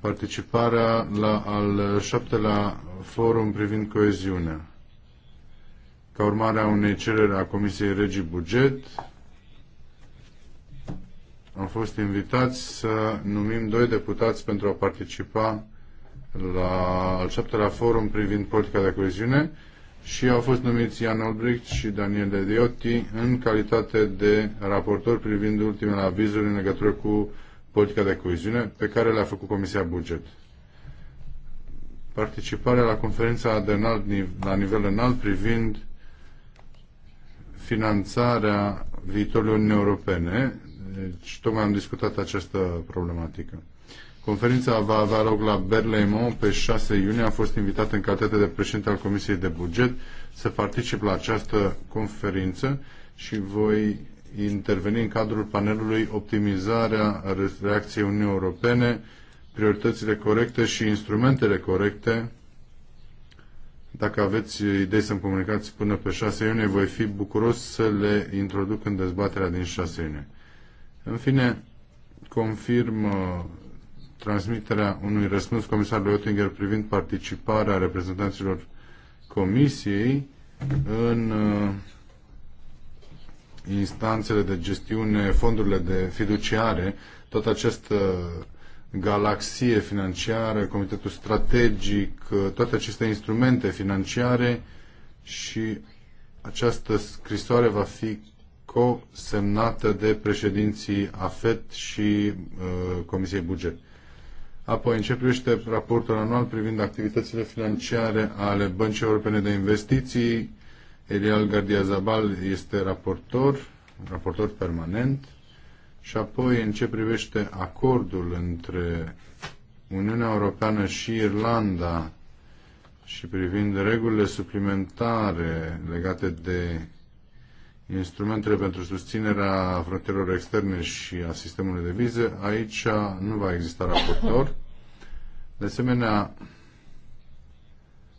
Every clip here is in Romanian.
participarea la al șaptelea forum privind coeziunea. Ca urmare a unei cereri a Comisiei Regii Buget, am fost invitați să numim doi deputați pentru a participa la al șaptelea forum privind politica de coeziune și au fost numiți Ian Olbricht și Daniel Diotti în calitate de raportori privind ultimele avizuri în legătură cu politica de coeziune pe care le-a făcut Comisia Buget. Participarea la conferința de înalt, la nivel înalt privind finanțarea viitorului Uniunii Europene. Deci, tocmai am discutat această problematică. Conferința va avea loc la Berlaymont pe 6 iunie. Am fost invitat în calitate de președinte al Comisiei de Buget să particip la această conferință și voi interveni în cadrul panelului optimizarea reacției Uniunii Europene, prioritățile corecte și instrumentele corecte. Dacă aveți idei să-mi comunicați până pe 6 iunie, voi fi bucuros să le introduc în dezbaterea din 6 iunie. În fine, confirm uh, transmiterea unui răspuns comisarului Oettinger privind participarea reprezentanților Comisiei în uh, instanțele de gestiune, fondurile de fiduciare, tot această galaxie financiară, comitetul strategic, toate aceste instrumente financiare și această scrisoare va fi co-semnată de președinții AFET și uh, Comisiei Buget. Apoi începește raportul anual privind activitățile financiare ale Băncii Europene de Investiții, Elial Gardia Zabal este raportor, raportor permanent, și apoi în ce privește acordul între Uniunea Europeană și Irlanda și privind regulile suplimentare legate de instrumentele pentru susținerea frontierelor externe și a sistemului de vize, aici nu va exista raportor. De asemenea,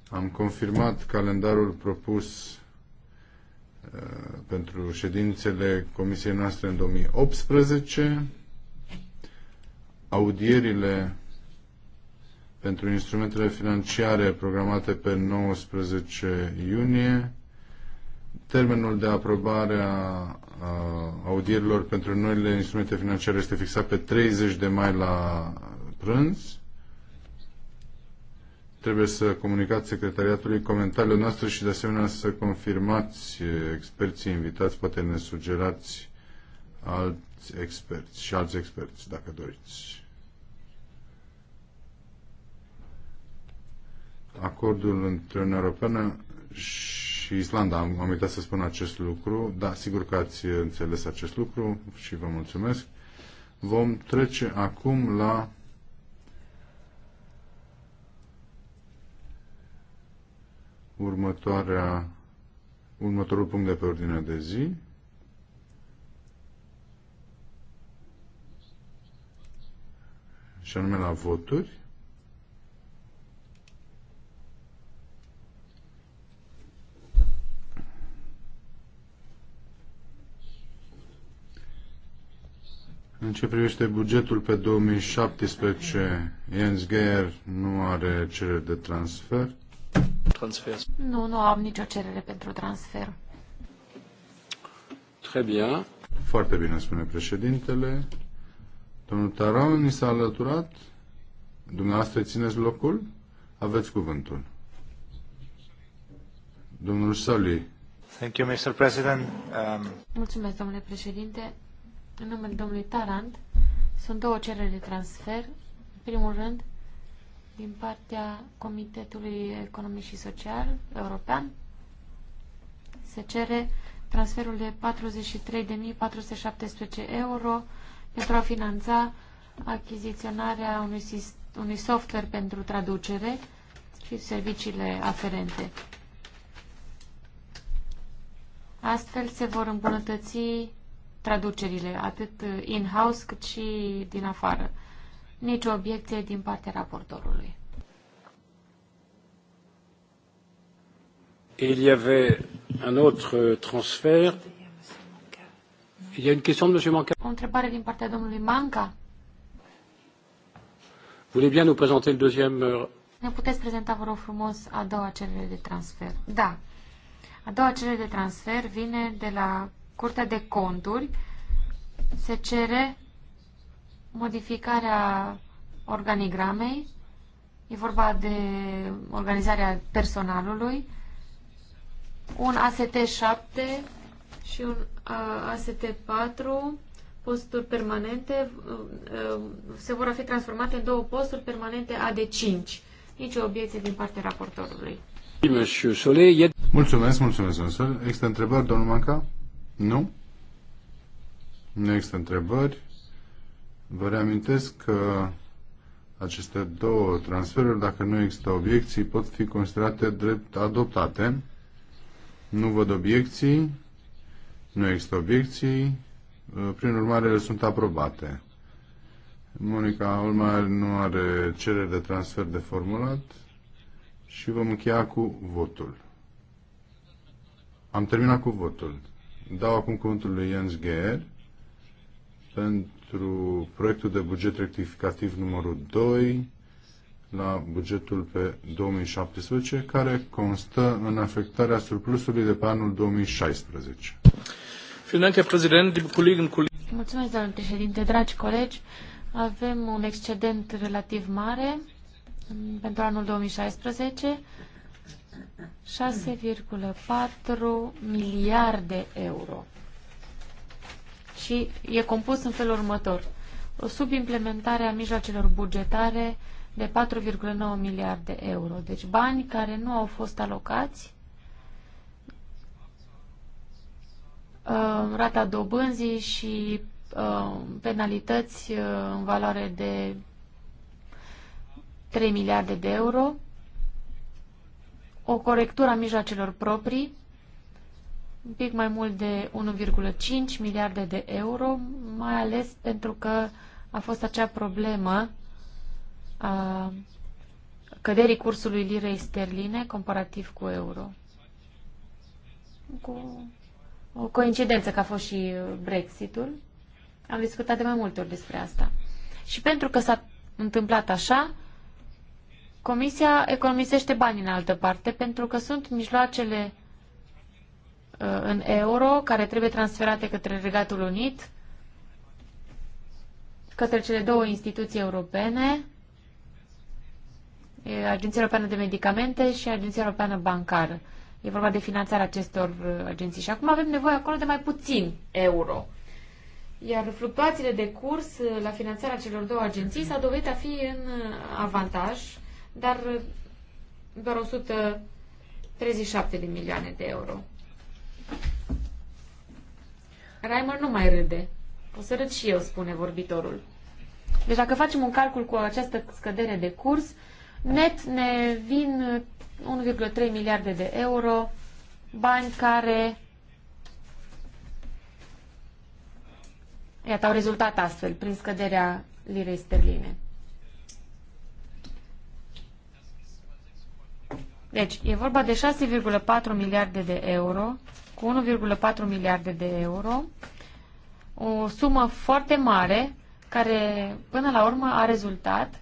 am confirmat calendarul propus Uh, pentru ședințele comisiei noastre în 2018, audierile pentru instrumentele financiare programate pe 19 iunie, termenul de aprobare a audierilor pentru noile instrumente financiare este fixat pe 30 de mai la prânz trebuie să comunicați secretariatului comentariile noastre și de asemenea să confirmați experții invitați, poate ne sugerați alți experți și alți experți, dacă doriți. Acordul între Uniunea Europeană și Islanda, am, am uitat să spun acest lucru, da, sigur că ați înțeles acest lucru și vă mulțumesc. Vom trece acum la următoarea, următorul punct de pe ordinea de zi. Și anume la voturi. În ce privește bugetul pe 2017, Jens Geier nu are cereri de transfer transfer. Nu, nu am nicio cerere pentru transfer. Très bien. Foarte bine, spune președintele. Domnul Taran ni s-a alăturat. Dumneavoastră țineți locul? Aveți cuvântul. Domnul Sali. Thank you, Mr. President. Um... Mulțumesc, domnule președinte. În numele domnului Tarant sunt două cereri de transfer. În primul rând, din partea Comitetului Economic și Social European se cere transferul de 43.417 euro pentru a finanța achiziționarea unui, unui software pentru traducere și serviciile aferente. Astfel se vor îmbunătăți traducerile, atât in-house cât și din afară nicio obiecție din partea raportorului. Il y avait un autre transfert. Il y a une question de M. Manca. O întrebare din partea domnului Manca. Vous voulez bien nous présenter le deuxième... Euh, ne puteți prezenta, vă rog frumos, a doua cerere de transfer. Da. A doua cerere de transfer vine de la Curtea de Conturi. Se cere modificarea organigramei, e vorba de organizarea personalului, un AST7 și un AST4, posturi permanente, se vor fi transformate în două posturi permanente AD5. Nici o obiecție din partea raportorului. Mulțumesc, mulțumesc, mulțumesc. Există întrebări, domnul Manca? Nu? Nu există întrebări. Vă reamintesc că aceste două transferuri, dacă nu există obiecții, pot fi considerate drept adoptate. Nu văd obiecții, nu există obiecții, prin urmare le sunt aprobate. Monica Olmar nu are cerere de transfer de formulat și vom încheia cu votul. Am terminat cu votul. Dau acum cuvântul lui Jens Geer pentru pentru proiectul de buget rectificativ numărul 2 la bugetul pe 2017, care constă în afectarea surplusului de pe anul 2016. Mulțumesc, domnule președinte, dragi colegi. Avem un excedent relativ mare pentru anul 2016, 6,4 miliarde euro și e compus în felul următor. Subimplementarea mijloacelor bugetare de 4,9 miliarde euro. Deci bani care nu au fost alocați, uh, rata dobânzii și uh, penalități uh, în valoare de 3 miliarde de euro, o corectură a mijloacelor proprii, un pic mai mult de 1,5 miliarde de euro, mai ales pentru că a fost acea problemă a căderii cursului lirei sterline comparativ cu euro. Cu o coincidență că a fost și Brexitul. Am discutat de mai multe ori despre asta. Și pentru că s-a întâmplat așa, Comisia economisește bani în altă parte pentru că sunt mijloacele Uh, în euro care trebuie transferate către Regatul Unit, către cele două instituții europene, Agenția Europeană de Medicamente și Agenția Europeană Bancară. E vorba de finanțarea acestor uh, agenții și acum avem nevoie acolo de mai puțin euro. Iar fluctuațiile de curs uh, la finanțarea celor două agenții s a dovedit a fi în avantaj, dar doar 137 de milioane de euro. Raimer nu mai râde. O să râd și eu, spune vorbitorul. Deci dacă facem un calcul cu această scădere de curs, net ne vin 1,3 miliarde de euro, bani care Iată, au rezultat astfel, prin scăderea lirei sterline. Deci, e vorba de 6,4 miliarde de euro cu 1,4 miliarde de euro, o sumă foarte mare care până la urmă a rezultat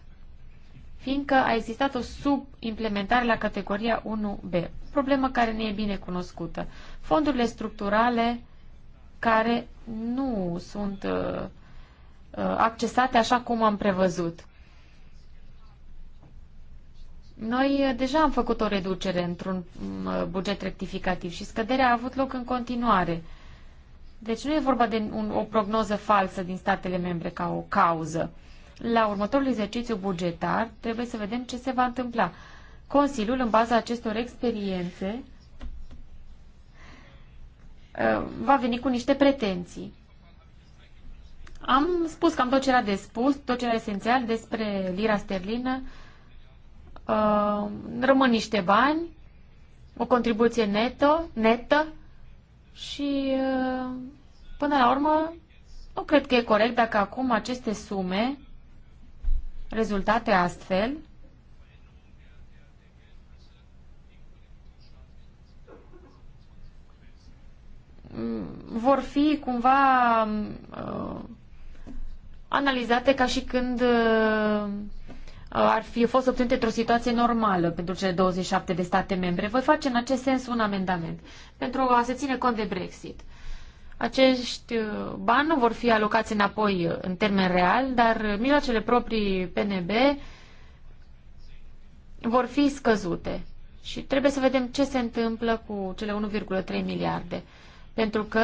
fiindcă a existat o subimplementare la categoria 1B, problemă care ne e bine cunoscută. Fondurile structurale care nu sunt uh, uh, accesate așa cum am prevăzut. Noi eh, deja am făcut o reducere într-un mm, eh, buget rectificativ și scăderea a avut loc în continuare. Deci nu e vorba de un, o prognoză falsă din statele membre ca o cauză. La următorul exercițiu bugetar trebuie să vedem ce se va întâmpla. Consiliul, în baza acestor experiențe, eh, va veni cu niște pretenții. Am spus cam tot ce era de spus, tot ce era esențial despre lira sterlină, Uh, rămân niște bani, o contribuție neto, netă și uh, până la urmă nu cred că e corect dacă acum aceste sume rezultate astfel mm, vor fi cumva uh, analizate ca și când uh, Uh, ar fi fost obținute într-o situație normală pentru cele 27 de state membre. Voi face în acest sens un amendament pentru a se ține cont de Brexit. Acești uh, bani nu vor fi alocați înapoi uh, în termen real, dar mijloacele proprii PNB vor fi scăzute. Și trebuie să vedem ce se întâmplă cu cele 1,3 miliarde. Pentru că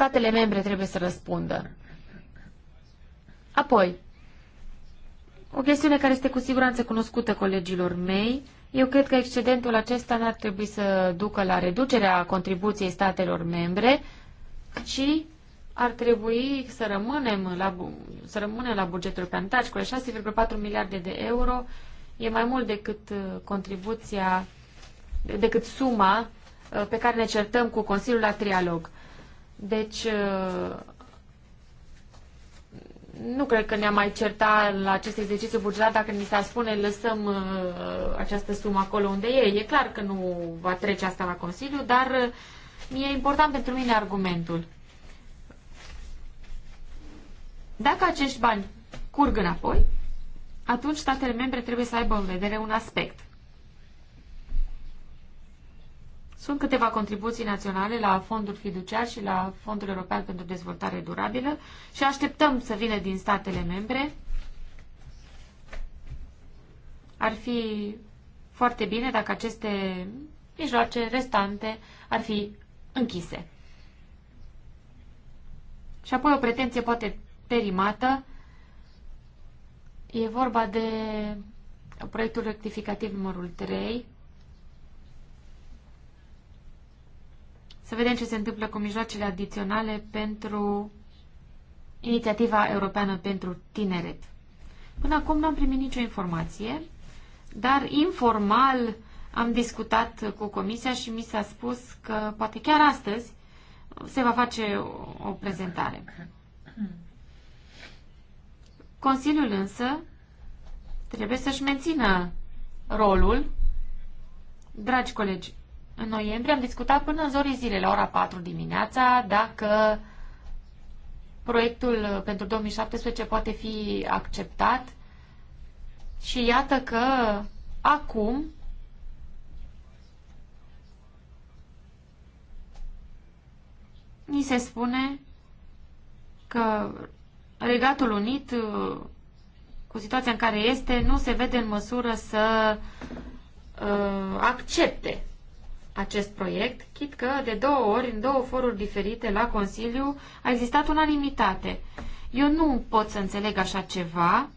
statele membre trebuie să răspundă. Apoi, o chestiune care este cu siguranță cunoscută colegilor mei, eu cred că excedentul acesta n-ar trebui să ducă la reducerea contribuției statelor membre, ci ar trebui să rămânem la, să rămânem la bugetul pe antaci cu 6,4 miliarde de euro e mai mult decât uh, contribuția, decât suma uh, pe care ne certăm cu Consiliul la trialog. Deci, uh, nu cred că ne-am mai certat la acest exercițiu bugetar dacă ni s-ar spune lăsăm uh, această sumă acolo unde e. E clar că nu va trece asta la Consiliu, dar uh, e important pentru mine argumentul. Dacă acești bani curg înapoi, atunci statele membre trebuie să aibă în vedere un aspect. Sunt câteva contribuții naționale la fondul fiduciar și la fondul european pentru dezvoltare durabilă și așteptăm să vină din statele membre. Ar fi foarte bine dacă aceste mijloace restante ar fi închise. Și apoi o pretenție poate perimată. E vorba de proiectul rectificativ numărul 3, să vedem ce se întâmplă cu mijloacele adiționale pentru Inițiativa Europeană pentru Tineret. Până acum n-am primit nicio informație, dar informal am discutat cu Comisia și mi s-a spus că poate chiar astăzi se va face o prezentare. Consiliul însă trebuie să-și mențină rolul. Dragi colegi, în noiembrie am discutat până în zorii zile, la ora 4 dimineața, dacă proiectul pentru 2017 poate fi acceptat și iată că acum ni se spune că Regatul Unit, cu situația în care este, nu se vede în măsură să uh, accepte acest proiect, chit că de două ori, în două foruri diferite la Consiliu, a existat unanimitate. Eu nu pot să înțeleg așa ceva.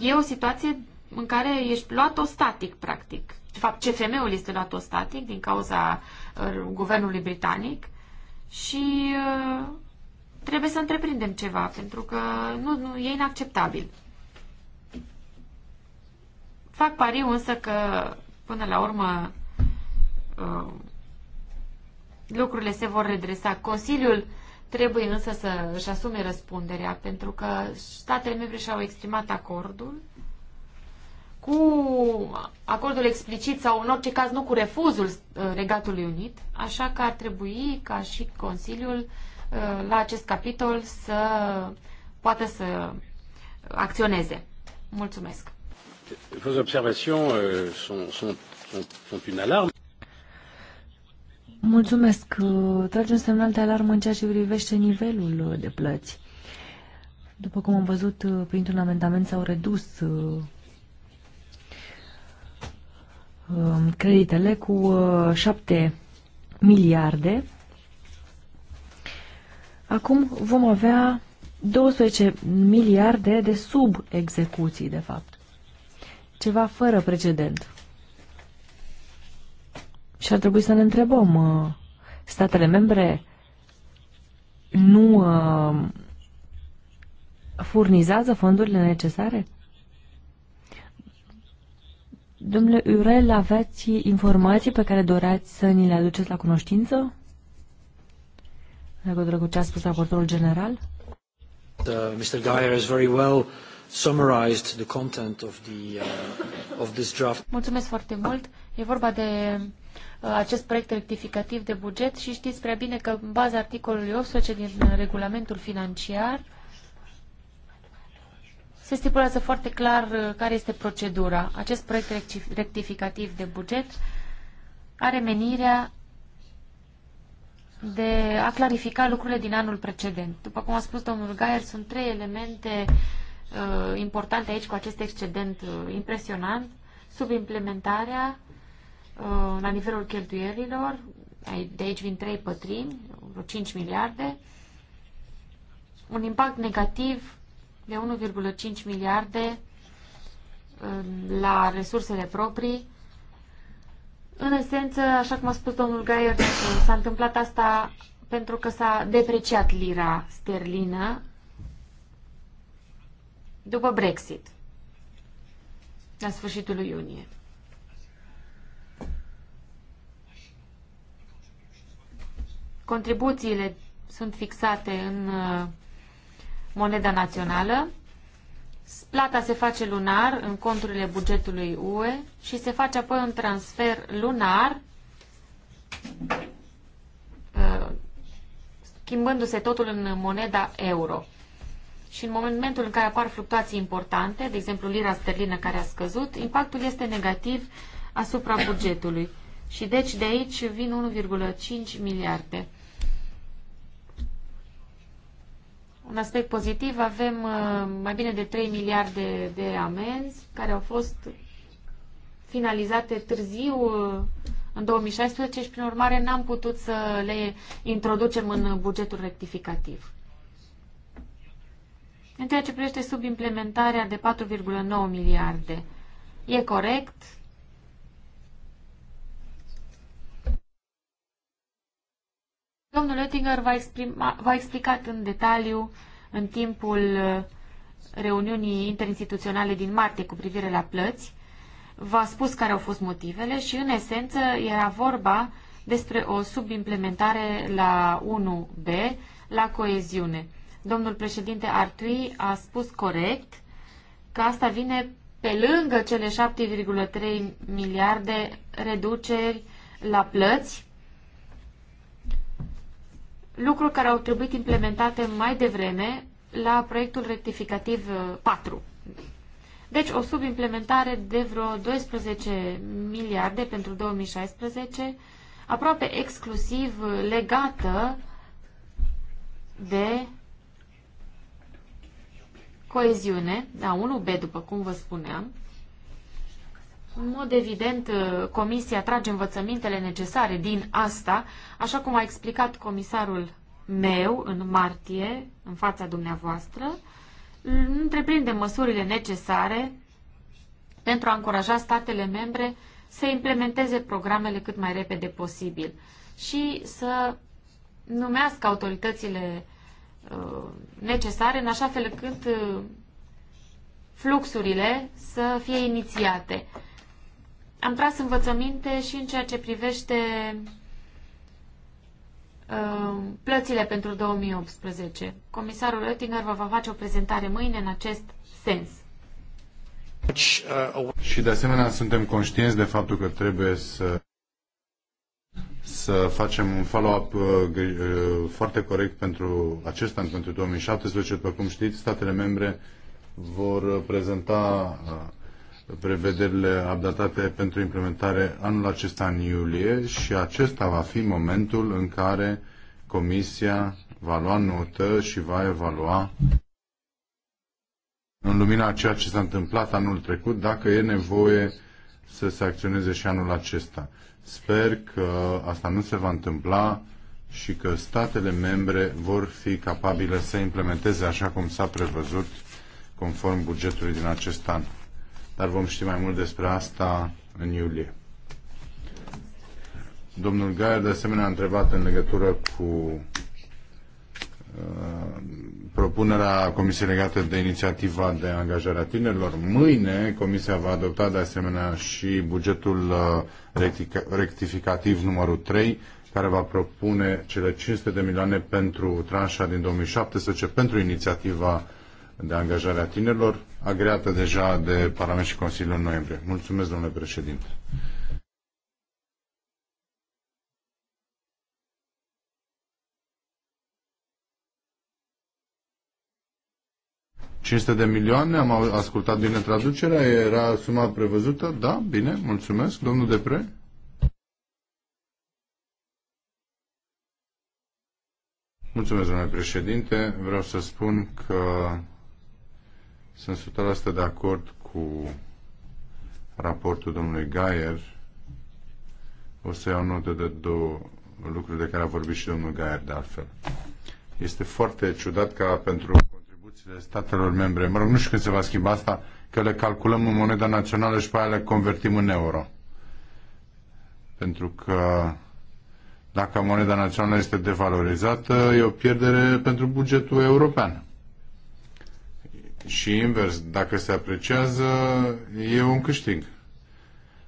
E o situație în care ești luat static, practic. De fapt, CFM-ul este luat static din cauza uh, guvernului britanic și uh, trebuie să întreprindem ceva, pentru că nu, nu e inacceptabil. Fac pariu însă că Până la urmă, uh, lucrurile se vor redresa. Consiliul trebuie însă să își asume răspunderea, pentru că statele membre și-au exprimat acordul cu acordul explicit sau în orice caz nu cu refuzul uh, Regatului Unit, așa că ar trebui ca și Consiliul uh, la acest capitol să poată să acționeze. Mulțumesc! Vos observations euh, sont, sont, sont, sont une alarme. Mulțumesc. Trage un semnal de alarmă în ceea ce privește nivelul de plăți. După cum am văzut, printr-un amendament s-au redus um, creditele cu 7 uh, miliarde. Acum vom avea 12 miliarde de sub-execuții, de fapt ceva fără precedent. Și ar trebui să ne întrebăm, uh, statele membre nu uh, furnizează fondurile necesare? Domnule Urel, aveți informații pe care doreați să ni le aduceți la cunoștință? Dacă legătură ce a spus raportorul general? Uh, Mr. Geyer is very well summarized the content of, the, uh, of this draft. Mulțumesc foarte mult. E vorba de uh, acest proiect rectificativ de buget și știți prea bine că în baza articolului 18 din uh, regulamentul financiar se stipulează foarte clar uh, care este procedura. Acest proiect rectificativ de buget are menirea de a clarifica lucrurile din anul precedent. După cum a spus domnul Gaier, sunt trei elemente uh, importante aici cu acest excedent uh, impresionant, subimplementarea uh, la nivelul cheltuielilor, de aici vin trei pătrimi, vreo 5 miliarde, un impact negativ de 1,5 miliarde uh, la resursele proprii. În esență, așa cum a spus domnul Gaier, uh, s-a întâmplat asta pentru că s-a depreciat lira sterlină după Brexit, la sfârșitul lui iunie. Contribuțiile sunt fixate în uh, moneda națională, plata se face lunar în conturile bugetului UE și se face apoi un transfer lunar uh, schimbându-se totul în moneda euro și în momentul în care apar fluctuații importante, de exemplu lira sterlină care a scăzut, impactul este negativ asupra bugetului. Și deci de aici vin 1,5 miliarde. Un aspect pozitiv, avem uh, mai bine de 3 miliarde de amenzi care au fost finalizate târziu uh, în 2016 și prin urmare n-am putut să le introducem în bugetul rectificativ. În ceea ce privește subimplementarea de 4,9 miliarde, e corect? Domnul Oettinger v-a, exprima, v-a explicat în detaliu în timpul uh, reuniunii interinstituționale din martie cu privire la plăți, v-a spus care au fost motivele și, în esență, era vorba despre o subimplementare la 1B, la coeziune domnul președinte Artui a spus corect că asta vine pe lângă cele 7,3 miliarde reduceri la plăți, lucruri care au trebuit implementate mai devreme la proiectul rectificativ 4. Uh, deci o subimplementare de vreo 12 miliarde pentru 2016, aproape exclusiv uh, legată de Coeziune, da, 1B, după cum vă spuneam. În mod evident, uh, Comisia trage învățămintele necesare din asta, așa cum a explicat comisarul meu în martie, în fața dumneavoastră. întreprinde măsurile necesare pentru a încuraja statele membre să implementeze programele cât mai repede posibil și să numească autoritățile Uh, necesare, în așa fel încât uh, fluxurile să fie inițiate. Am tras învățăminte și în ceea ce privește uh, plățile pentru 2018. Comisarul Oettinger vă va face o prezentare mâine în acest sens. Și de asemenea suntem conștienți de faptul că trebuie să să facem un follow-up uh, uh, foarte corect pentru acest an, pentru 2017. După cum știți, statele membre vor prezenta uh, prevederile abdatate pentru implementare anul acesta în iulie și acesta va fi momentul în care Comisia va lua notă și va evalua în lumina a ceea ce s-a întâmplat anul trecut, dacă e nevoie să se acționeze și anul acesta. Sper că asta nu se va întâmpla și că statele membre vor fi capabile să implementeze așa cum s-a prevăzut conform bugetului din acest an. Dar vom ști mai mult despre asta în iulie. Domnul Gaier de asemenea a întrebat în legătură cu Uh, propunerea Comisiei legată de inițiativa de angajare a tinerilor. Mâine Comisia va adopta de asemenea și bugetul uh, rectificativ numărul 3, care va propune cele 500 de milioane pentru tranșa din 2017 pentru inițiativa de angajare a tinerilor, agreată deja de Parlament și Consiliul în noiembrie. Mulțumesc, domnule președinte. 500 de milioane, am ascultat bine traducerea, era suma prevăzută? Da, bine, mulțumesc, domnul Depre. Mulțumesc, domnule președinte. Vreau să spun că sunt 100% de acord cu raportul domnului Gaier. O să iau notă de două lucruri de care a vorbit și domnul Gaier de altfel. Este foarte ciudat ca pentru contribuțiile statelor membre. Mă rog, nu știu când se va schimba asta, că le calculăm în moneda națională și pe aia le convertim în euro. Pentru că dacă moneda națională este devalorizată, e o pierdere pentru bugetul european. Și invers, dacă se apreciază, e un câștig.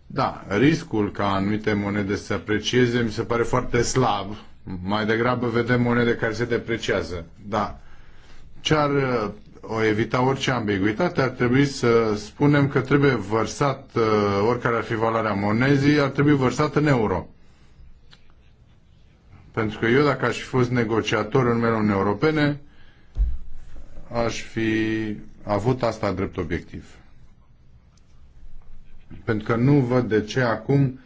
Da, riscul ca anumite monede să se aprecieze mi se pare foarte slab. Mai degrabă vedem monede care se depreciază. Da, ce ar uh, o evita orice ambiguitate, ar trebui să spunem că trebuie vărsat, uh, oricare ar fi valoarea monezii, ar trebui vărsat în euro. Pentru că eu, dacă aș fi fost negociator în numele Uniunii Europene, aș fi avut asta drept obiectiv. Pentru că nu văd de ce acum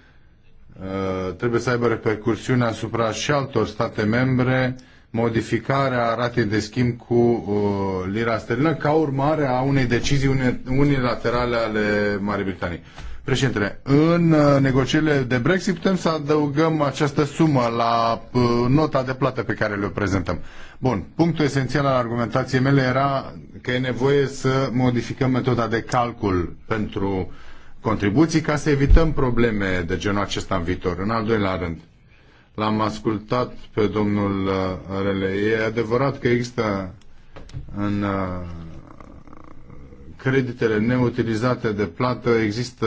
uh, trebuie să aibă repercursiune asupra și altor state membre modificarea ratei de schimb cu uh, lira sterlină ca urmare a unei decizii unilaterale ale Marii Britanii. Președintele, în uh, negocierile de Brexit putem să adăugăm această sumă la uh, nota de plată pe care le prezentăm. Bun, punctul esențial al argumentației mele era că e nevoie să modificăm metoda de calcul pentru contribuții ca să evităm probleme de genul acesta în viitor. În al doilea rând, L-am ascultat pe domnul uh, Rele. E adevărat că există în uh, creditele neutilizate de plată există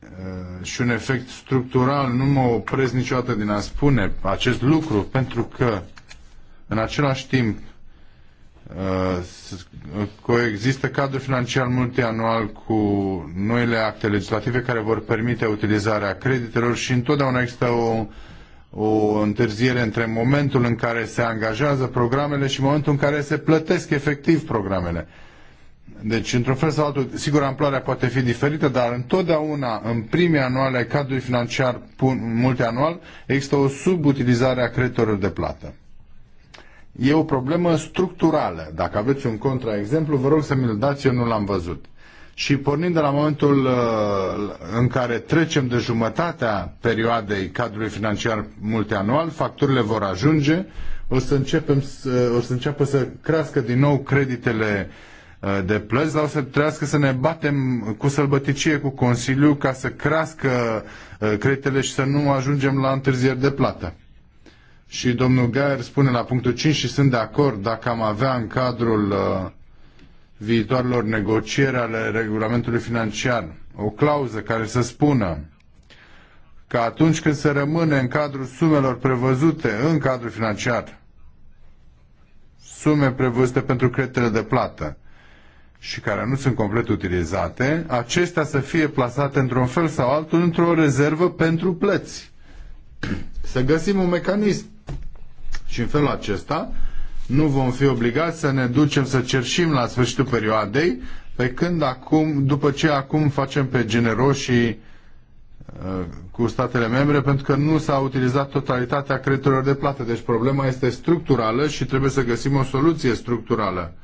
uh, și un efect structural. Nu mă opresc niciodată din a spune acest lucru, pentru că în același timp Uh, uh, coexistă cadrul financiar multianual cu noile acte legislative care vor permite utilizarea creditelor și întotdeauna există o, o întârziere între momentul în care se angajează programele și momentul în care se plătesc efectiv programele. Deci, într-un fel sau altul, sigur, amploarea poate fi diferită, dar întotdeauna, în primii anuale cadrului financiar multianual, există o subutilizare a creditorilor de plată. E o problemă structurală. Dacă aveți un contraexemplu, vă rog să mi-l dați, eu nu l-am văzut. Și pornind de la momentul uh, în care trecem de jumătatea perioadei cadrului financiar multianual, facturile vor ajunge, o să, începem, uh, o să înceapă să crească din nou creditele uh, de plăți, dar o să trească să ne batem cu sălbăticie cu Consiliul ca să crească creditele și să nu ajungem la întârzieri de plată și domnul Gaer spune la punctul 5 și sunt de acord dacă am avea în cadrul uh, viitoarelor negocieri ale regulamentului financiar o clauză care să spună că atunci când se rămâne în cadrul sumelor prevăzute în cadrul financiar, sume prevăzute pentru creditele de plată și care nu sunt complet utilizate, acestea să fie plasate într-un fel sau altul într-o rezervă pentru plăți. Să găsim un mecanism și în felul acesta nu vom fi obligați să ne ducem să cerșim la sfârșitul perioadei, pe când acum, după ce acum facem pe generoșii uh, cu statele membre pentru că nu s-a utilizat totalitatea creditelor de plată. Deci problema este structurală și trebuie să găsim o soluție structurală.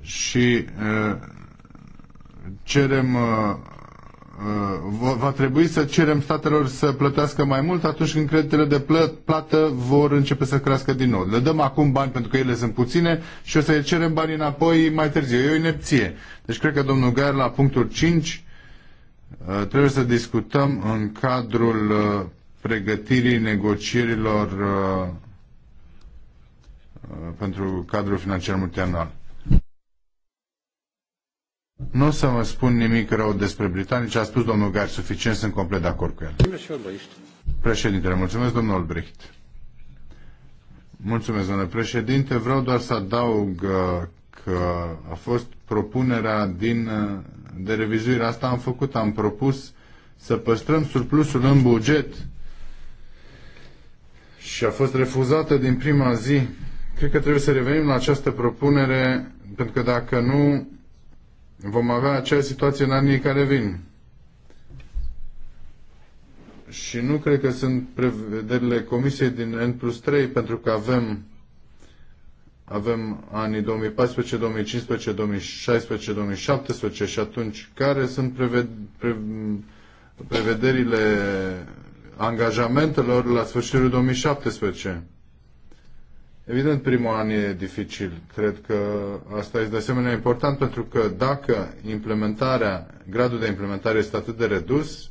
Și uh, cerem uh, Uh, va trebui să cerem statelor să plătească mai mult atunci când creditele de plată vor începe să crească din nou. Le dăm acum bani pentru că ele sunt puține și o să le cerem bani înapoi mai târziu. E o inepție. Deci cred că domnul Gaer la punctul 5 uh, trebuie să discutăm în cadrul uh, pregătirii negocierilor pentru cadrul financiar multianual. Nu o să vă spun nimic rău despre britanici, a spus domnul Gar suficient, sunt complet de acord cu el. Președinte, mulțumesc domnul Albrecht. Mulțumesc, domnule președinte. Vreau doar să adaug uh, că a fost propunerea din, uh, de revizuire. Asta am făcut, am propus să păstrăm surplusul în buget și a fost refuzată din prima zi. Cred că trebuie să revenim la această propunere, pentru că dacă nu, Vom avea acea situație în anii care vin. Și nu cred că sunt prevederile Comisiei din N plus 3, pentru că avem, avem anii 2014, 2015, 2016, 2017 și atunci care sunt prevederile angajamentelor la sfârșitul 2017? Evident, primul an e dificil. Cred că asta este de asemenea important pentru că dacă implementarea, gradul de implementare este atât de redus, eh,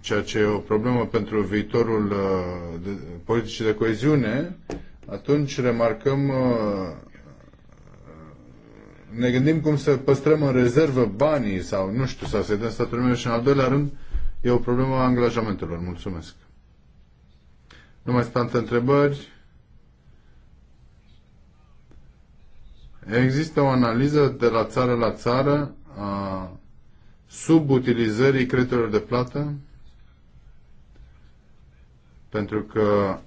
ceea ce e o problemă pentru viitorul eh, politicii de coeziune, atunci remarcăm, eh, ne gândim cum să păstrăm în rezervă banii sau nu știu, sau să-i dăm statul meu și în al doilea rând e o problemă a angajamentelor. Mulțumesc. Nu mai sunt alte întrebări. Există o analiză de la țară la țară a subutilizării creditelor de plată pentru că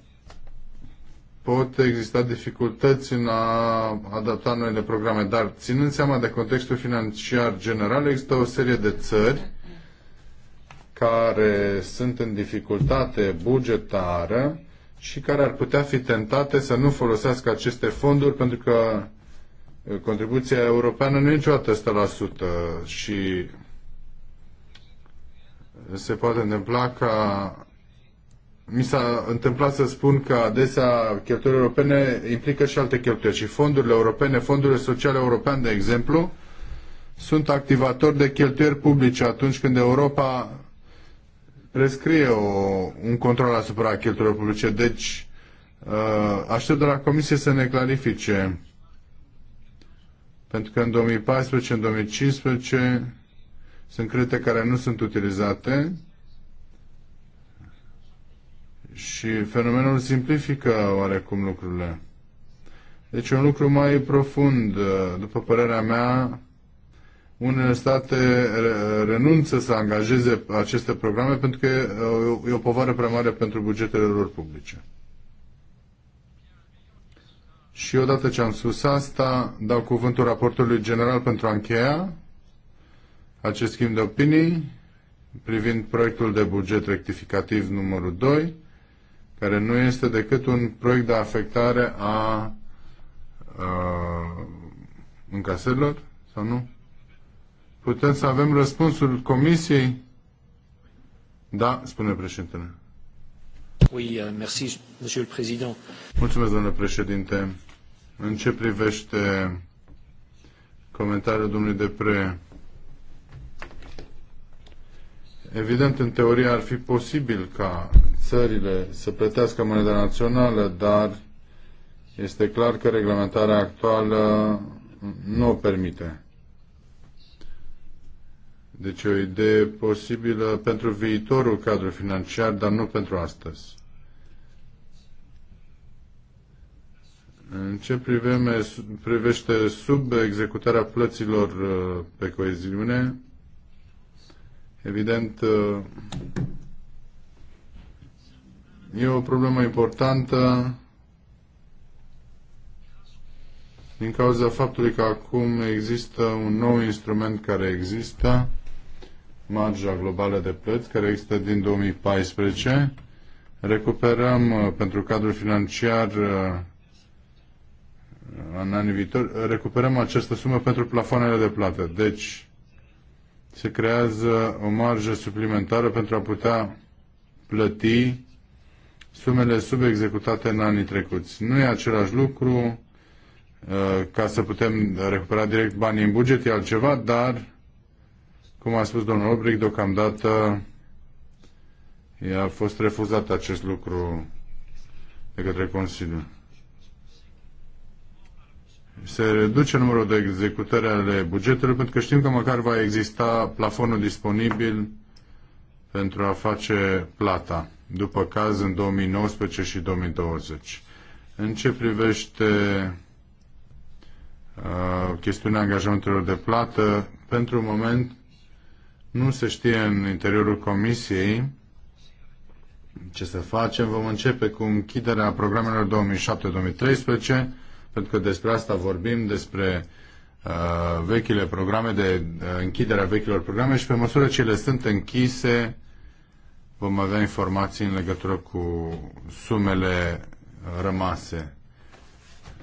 pot exista dificultăți în a adapta noile programe, dar ținând seama de contextul financiar general, există o serie de țări care sunt în dificultate bugetară și care ar putea fi tentate să nu folosească aceste fonduri pentru că Contribuția europeană nu e niciodată 100% și se poate întâmpla ca mi s-a întâmplat să spun că adesea cheltuielile europene implică și alte cheltuieli și fondurile europene, fondurile sociale europene, de exemplu, sunt activatori de cheltuieli publice atunci când Europa prescrie o, un control asupra cheltuielor publice. Deci, uh, aștept de la Comisie să ne clarifice pentru că în 2014, în 2015 sunt crete care nu sunt utilizate și fenomenul simplifică oarecum lucrurile. Deci un lucru mai profund, după părerea mea, unele state renunță să angajeze aceste programe pentru că e o povară prea mare pentru bugetele lor publice. Și odată ce am spus asta, dau cuvântul raportului general pentru a încheia acest schimb de opinii privind proiectul de buget rectificativ numărul 2, care nu este decât un proiect de afectare a, a uh, încasărilor, sau nu? Putem să avem răspunsul comisiei? Da, spune președintele. Oui, euh, merci, monsieur le président. Mulțumesc, domnule președinte. În ce privește comentariul domnului Depre, evident, în teorie ar fi posibil ca țările să plătească moneda națională, dar este clar că reglementarea actuală nu o permite. Deci o idee posibilă pentru viitorul cadru financiar, dar nu pentru astăzi. În ce priveme, privește sub executarea plăților uh, pe coeziune, evident, uh, e o problemă importantă din cauza faptului că acum există un nou instrument care există, marja globală de plăți, care există din 2014. Recuperăm uh, pentru cadrul financiar în anii viitori, recuperăm această sumă pentru plafoanele de plată. Deci, se creează o marjă suplimentară pentru a putea plăti sumele subexecutate în anii trecuți. Nu e același lucru uh, ca să putem recupera direct banii în buget, e altceva, dar, cum a spus domnul Obric, deocamdată i-a fost refuzat acest lucru de către Consiliu se reduce numărul de executări ale bugetelor pentru că știm că măcar va exista plafonul disponibil pentru a face plata, după caz în 2019 și 2020. În ce privește uh, chestiunea angajamentelor de plată, pentru moment nu se știe în interiorul Comisiei ce să facem. Vom începe cu închiderea programelor 2007-2013 pentru că despre asta vorbim, despre uh, vechile programe, de uh, închiderea vechilor programe și pe măsură ce le sunt închise, vom avea informații în legătură cu sumele uh, rămase.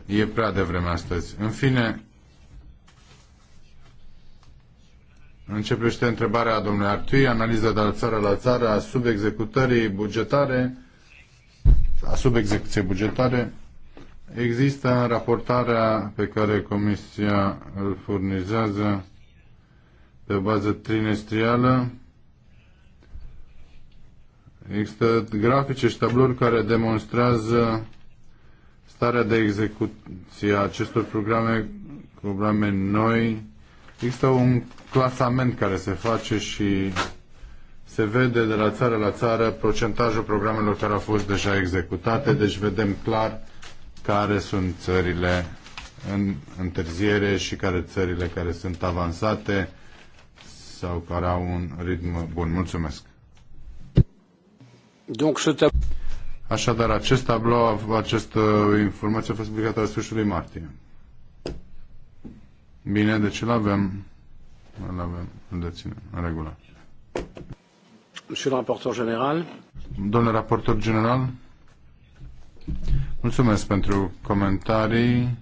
E prea devreme astăzi. În fine, Începește întrebarea domnului Artui, analiza de la țară la țară a subexecutării bugetare, a subexecuției bugetare. Există raportarea pe care Comisia îl furnizează pe bază trimestrială. Există grafice și tablouri care demonstrează starea de execuție a acestor programe, programe noi. Există un clasament care se face și se vede de la țară la țară procentajul programelor care au fost deja executate, deci vedem clar care sunt țările în întârziere și care țările care sunt avansate sau care au un ritm bun. Mulțumesc! Așadar, acest tablou, această uh, informație a fost publicată la sfârșitul lui martie. Bine, deci îl avem. Îl avem, îl deținem, în regulă. Domnule raportor general. Domnule raportor general. Mulțumesc pentru comentarii.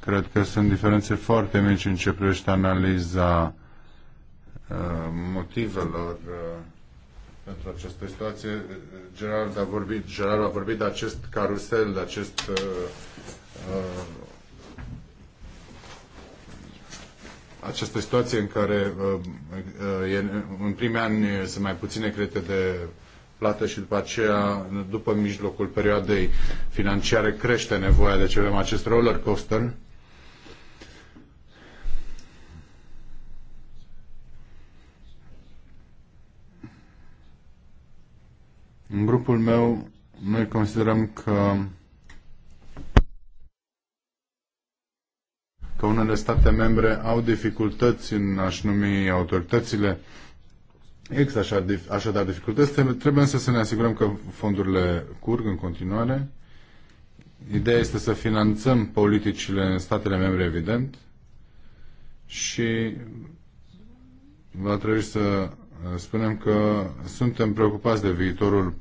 Cred că sunt diferențe foarte mici în ce privește analiza uh, motivelor uh, pentru această situație. Gerald a vorbit, Gerald a vorbit de acest carusel, de acest uh, uh această situație în care uh, uh, uh, în primii ani sunt mai puține credite de plată și după aceea, după mijlocul perioadei financiare, crește nevoia de ce avem acest roller coaster. În grupul meu, noi considerăm că că unele state membre au dificultăți în a-și numi autoritățile. ex așadar dificultăți. Trebuie însă să ne asigurăm că fondurile curg în continuare. Ideea este să finanțăm politicile în statele membre, evident, și va trebui să uh, spunem că suntem preocupați de viitorul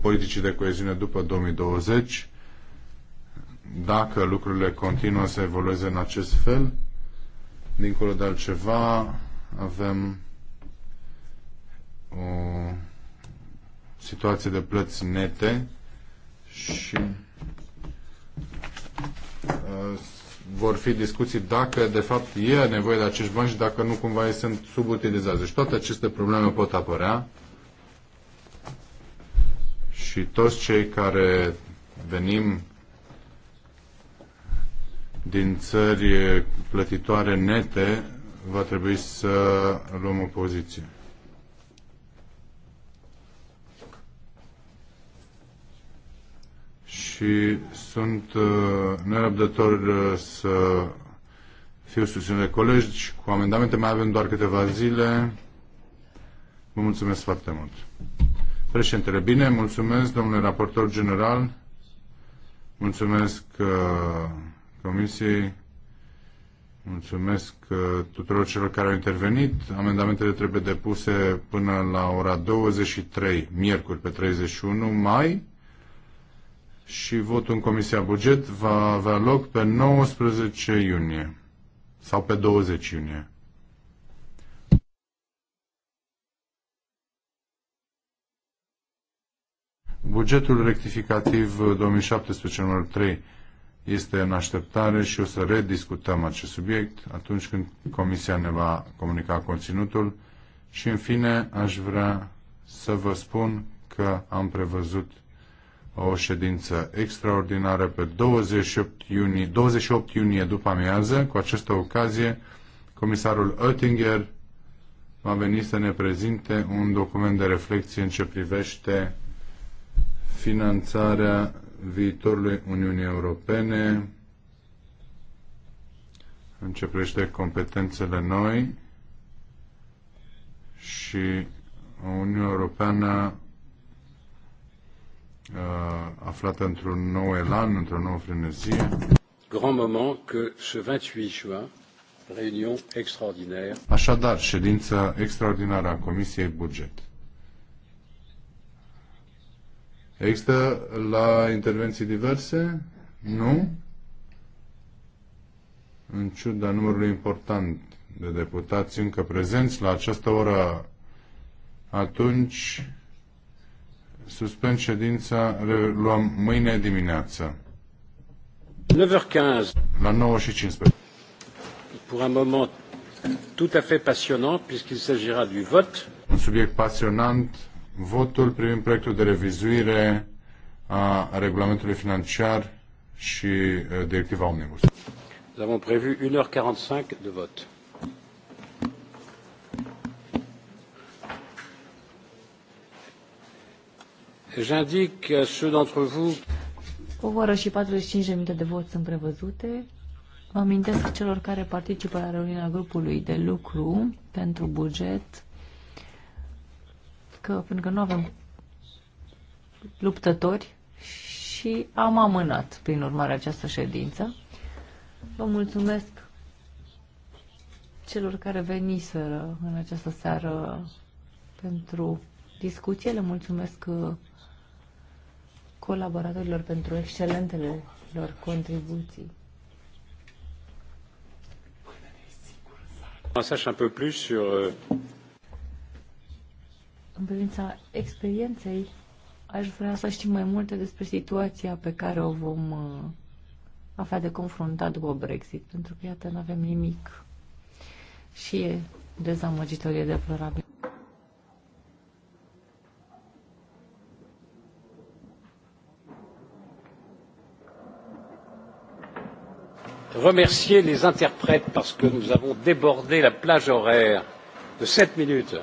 politicii de coeziune după 2020 dacă lucrurile continuă să evolueze în acest fel. Dincolo de altceva, avem o situație de plăți nete și uh, vor fi discuții dacă de fapt e nevoie de acești bani și dacă nu cumva ei sunt subutilizați. Deci toate aceste probleme pot apărea și toți cei care venim din țări plătitoare nete, va trebui să luăm o poziție. Și sunt uh, nerăbdător uh, să fiu susținut de colegi. Cu amendamente mai avem doar câteva zile. Vă mulțumesc foarte mult. Președintele, bine, mulțumesc, domnule raportor general. Mulțumesc uh, Comisiei. Mulțumesc uh, tuturor celor care au intervenit. Amendamentele trebuie depuse până la ora 23, miercuri pe 31 mai și votul în Comisia Buget va avea loc pe 19 iunie sau pe 20 iunie. Bugetul rectificativ 2017 numărul 3 este în așteptare și o să rediscutăm acest subiect atunci când Comisia ne va comunica conținutul. Și în fine, aș vrea să vă spun că am prevăzut o ședință extraordinară pe 28 iunie, 28 iunie după amiază. Cu această ocazie, comisarul Oettinger va veni să ne prezinte un document de reflexie în ce privește finanțarea viitorului Uniunii Europene, începește competențele noi și Uniunea Europeană uh, aflată într-un nou elan, într-o nouă frenezie. Grand moment că ce 28 juin, réunion extraordinaire. Așadar, ședința extraordinară a Comisiei Buget. Există la intervenții diverse? Nu? În ciuda numărului important de deputați încă prezenți la această oră, atunci suspend ședința, luăm mâine dimineață. La 9 și 15. Pour un moment tout à fait passionnant, puisqu'il s'agira du vote. Un subiect pasionant votul privind proiectul de revizuire a regulamentului financiar și directiva Omnibus. Nous avons prévu 1h45 de vote. J'indique à ceux d'entre vous o oră și 45 de minute de vot sunt prevăzute. Vă amintesc celor care participă la reuniunea grupului de lucru pentru buget că pentru că nu avem luptători și am amânat, prin urmare, această ședință. Vă mulțumesc celor care veniseră în această seară pentru discuție. Le mulțumesc uh, colaboratorilor pentru excelentele lor contribuții. On sache un peu plus sur euh, în privința experienței, aș vrea să știm mai multe despre situația pe care o vom uh, avea de confruntat după Brexit, pentru că, iată, nu avem nimic și e dezamăgitor, e deplorabil. remercier les interprètes parce que nous avons débordé la plage horaire de 7 minutes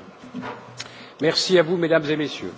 merci à vous mesdames et messieurs.